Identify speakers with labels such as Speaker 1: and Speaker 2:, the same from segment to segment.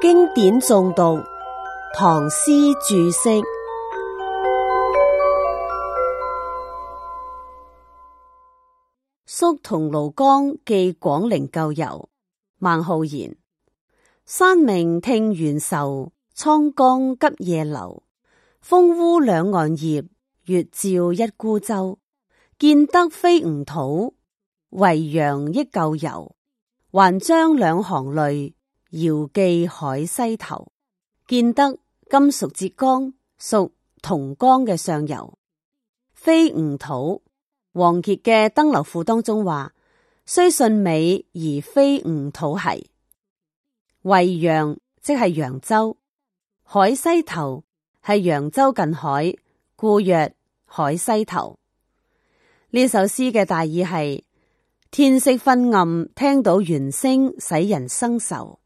Speaker 1: 經典誦讀，唐詩注釋。宿 桐廬江寄廣陵舊遊，孟浩然。山暝聽猿愁，滄江急夜流。風鳴兩岸葉，月照一孤舟。建德非吾土，維揚憶舊遊。還將兩行淚。遙寄海西頭。建德，見得今屬浙江，屬桐江嘅上游。非吾土，王傑嘅《登樓賦》當中話：雖信美而非吾土系。維揚即係揚州，海西頭係揚州近海，故曰海西頭。呢首詩嘅大意係：天色昏暗，聽到猿聲，使人生愁。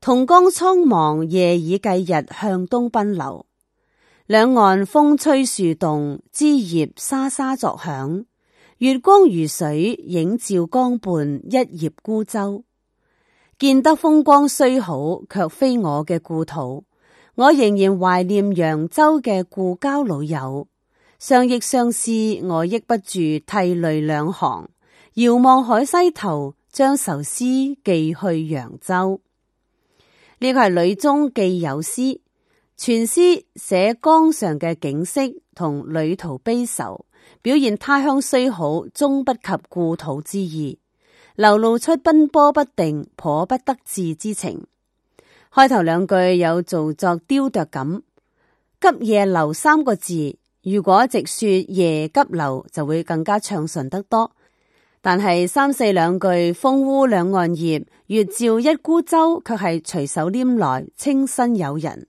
Speaker 1: 同江蒼茫，夜以繼日，向東奔流。兩岸風吹樹動，枝葉沙沙作響。月光如水，映照江畔一葉孤舟。見得風光雖好，卻非我嘅故土。我仍然懷念揚州嘅故交老友，相憶相思，我抑不住涕淚兩行。遙望海西頭，將愁思寄去揚州。呢個係《旅中既有詩》，全詩寫江上嘅景色同旅途悲愁，表現他鄉雖好，終不及故土之意，流露出奔波不定、頗不得志之情。開頭兩句有造作雕琢感，急夜流三個字，如果直說夜急流，就會更加暢順得多。但係三四兩句，風烏兩岸葉，月照一孤舟，卻係隨手拈來，清新誘人。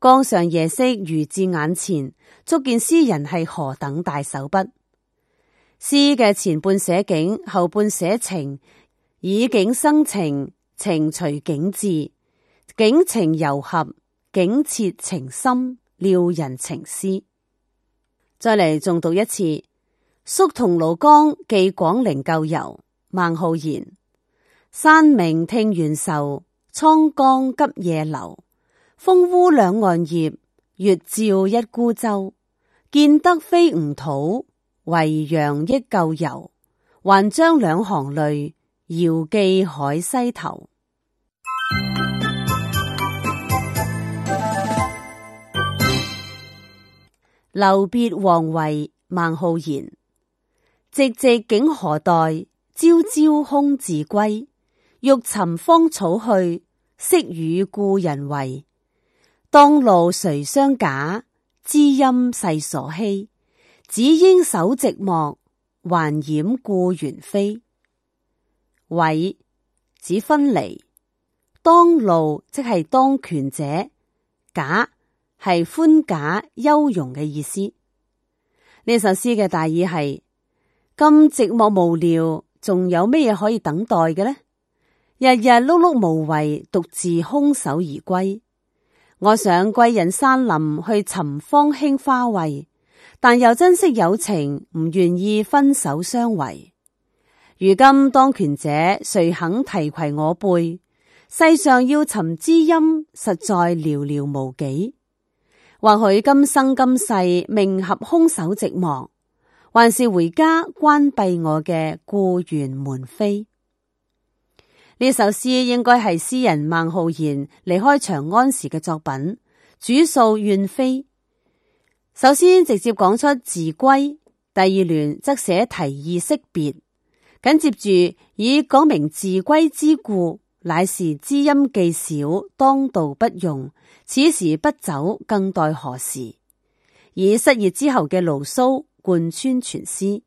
Speaker 1: 江上夜色如至眼前，足見詩人係何等大手筆。詩嘅前半寫景，後半寫情，以景生情，情隨景致，景情糅合，景切情深，撩人情思。再嚟重讀一次。宿桐廬江寄廣陵舊遊，孟浩然。山明聽猿愁，滄江急夜流。風烏兩岸葉，月照一孤舟。見得非吾土，維揚憶舊遊。還將兩行淚，遙寄海西頭。留別王維，孟浩然。寂寂景何待，朝朝空自歸。欲尋芳草去，惜與故人違。當路誰相假？知音世所稀。只應守寂寞，還掩故園扉。違，指分離，當路即係當權者，假係寬假優容嘅意思。呢首詩嘅大意係。咁寂寞無聊，仲有咩嘢可以等待嘅呢？日日碌碌無為，獨自空手而歸。我想貴人山林去尋芳馨花卉，但又珍惜友情，唔願意分手相違。如今當權者誰肯提携我輩？世上要尋知音，實在寥寥無幾。或許今生今世，命合空手，寂寞。還是回家關閉我嘅故園門扉。呢首詩應該係詩人孟浩然離開長安時嘅作品。主訴怨飛，首先直接講出自歸，第二聯則寫提議惜別，緊接住以講明自歸之故，乃是知音既少，當道不用，此時不走，更待何時？以失業之後嘅牢騷。貫穿全詩，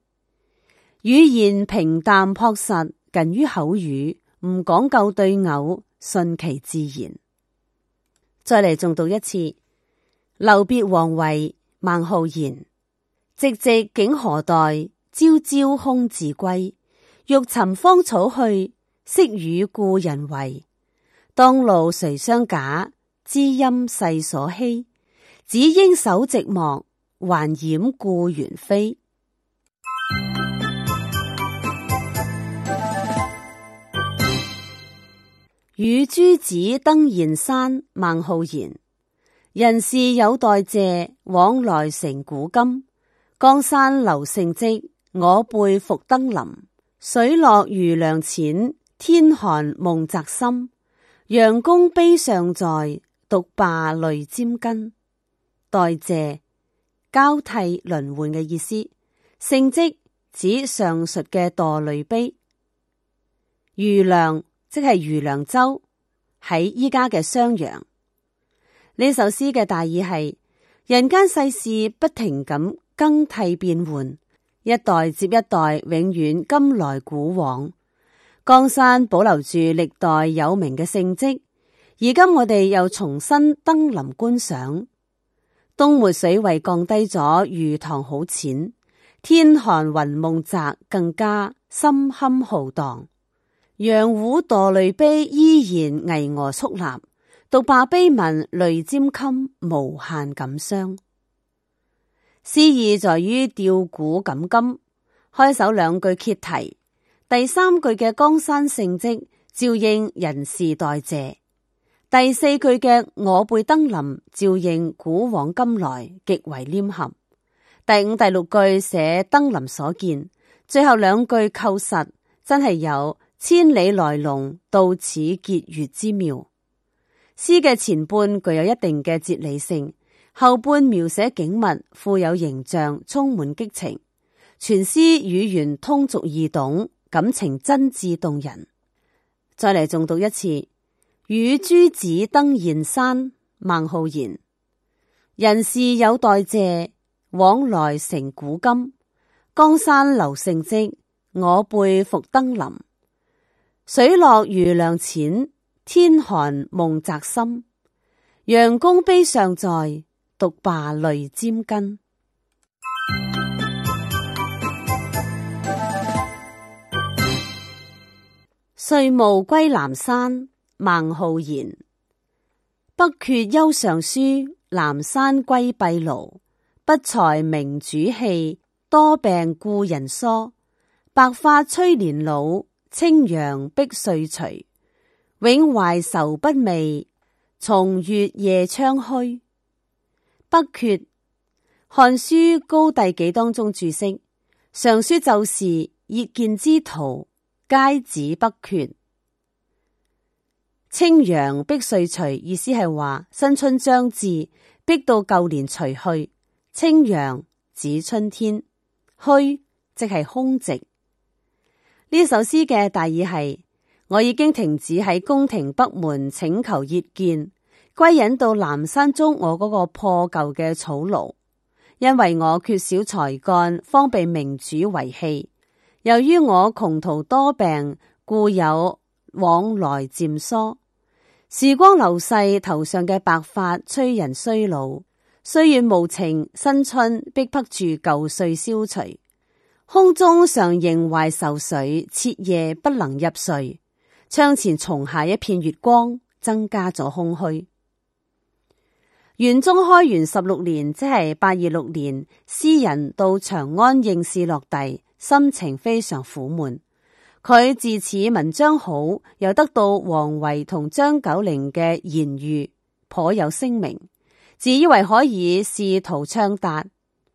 Speaker 1: 語言平淡樸實，近於口語，唔講究對偶，順其自然。再嚟重讀一次，留別王維，孟浩然。寂寂竟何待，朝朝空自歸。欲尋芳草去，惜與故人違。當路誰相假？知音世所稀。只應守寂寞。還掩故園飛。與諸子登峴山，孟浩然。人事有代謝，往來成古今。江山留勝跡，我輩復登臨。水落魚梁淺，天寒夢澤深。陽公碑尚在，獨霸淚沾巾。代謝。交替輪換嘅意思，勝跡指上述嘅墮淚碑，魚梁即係魚梁洲，喺依家嘅襄陽。呢首詩嘅大意係人間世事不停咁更替變換，一代接一代，永遠今來古往，江山保留住歷代有名嘅勝跡，而今我哋又重新登臨觀賞。東湖水位降低咗，魚塘好淺。天寒雲夢澤更加深，堪浩蕩。羊祜墮淚碑依然巍峨肅立，讀罷碑文淚沾襟無限感傷。詩意在於吊古感今，開首兩句揭題，第三句嘅江山勝跡，照應人事代謝。第四句嘅我輩登臨，照應古往今來，極為黏合。第五、第六句寫登臨所見，最後兩句扣實，真係有千里來龍到此結穴之妙。詩嘅前半具有一定嘅哲理性，後半描寫景物，富有形象，充滿激情。全詩語言通俗易懂，感情真摯動人。再嚟重讀一次。與諸子登峴山，孟浩然。人事有代謝，往來成古今。江山留勝迹，我輩復登臨。水落魚梁淺，天寒夢澤深。羊公碑尚在，讀罷淚沾巾。歲暮歸南山。孟浩然，北闕休上書，南山歸閉廬。不才明主棄，多病故人疏。白髮催年老，青陽逼歲除。永懷愁不寐，松月夜窗虛。北闕，漢書高帝紀當中注釋，尚書就是「謁見之徒皆指北闕。清陽逼歲除，意思係話新春將至，逼到舊年除去。清陽指春天，虛即係空寂。呢首詩嘅大意係：我已經停止喺宮廷北門請求熱見，歸隱到南山中我嗰個破舊嘅草廬，因為我缺少才幹，方被明主遺棄。由於我窮途多病，故有往來漸疏。時光流逝，頭上嘅白髮催人衰老，歲月無情，新春逼迫，迫住舊歲消除。空中常縈懷愁緒，徹夜不能入睡。窗前松下一片月光，增加咗空虛。玄宗開元十六年，即係八二六年，詩人到長安應試落第，心情非常苦悶。佢自此文章好，又得到王維同張九齡嘅言譽，頗有聲名，自以為可以仕途暢達，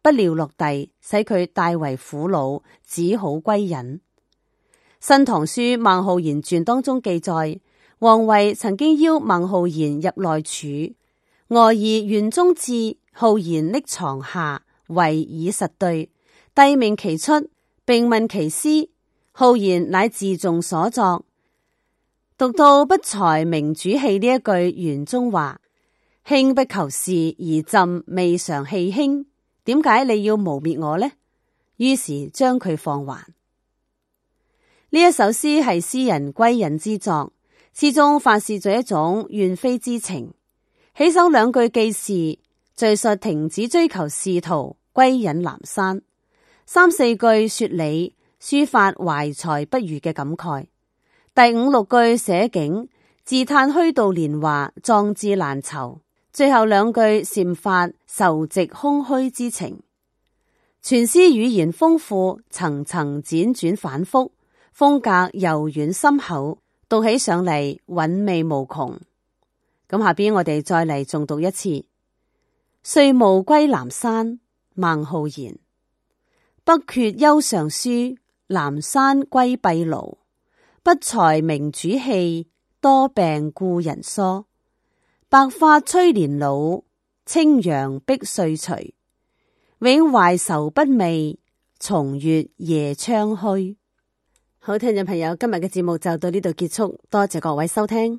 Speaker 1: 不料落第使佢大為苦惱，只好歸隱。《新唐書孟浩然傳》當中記載，王維曾經邀孟浩然入內署，俄而玄宗至浩然匿床下，為以實對，帝命其出，並問其詩。浩然乃自誦所作，讀到不才明主棄呢一句，玄宗話，輕不求仕而朕未嘗棄輕，點解你要污蔑我呢？於是將佢放還。呢一首詩係詩人歸隱之作，詩中發洩咗一種怨非之情。起首兩句記事，敘述停止追求仕途，歸隱南山。三四句說理。書法懷才不遇嘅感慨，第五六句寫景，自嘆虛度年華，壯志難酬。最後兩句抒發，愁寂空虛之情。全詩語言豐富，層層輾轉反複，風格悠遠深厚，讀起上嚟韻味無窮。咁下邊我哋再嚟重讀一次：歲暮歸南山，孟浩然。北闕休上書，南山歸閉廬，不才明主棄，多病故人疏。白髮催年老，青陽逼歲除。永懷愁不寐，重月夜窗虛。好，聽眾朋友，今日嘅節目就到呢度結束，多謝各位收聽。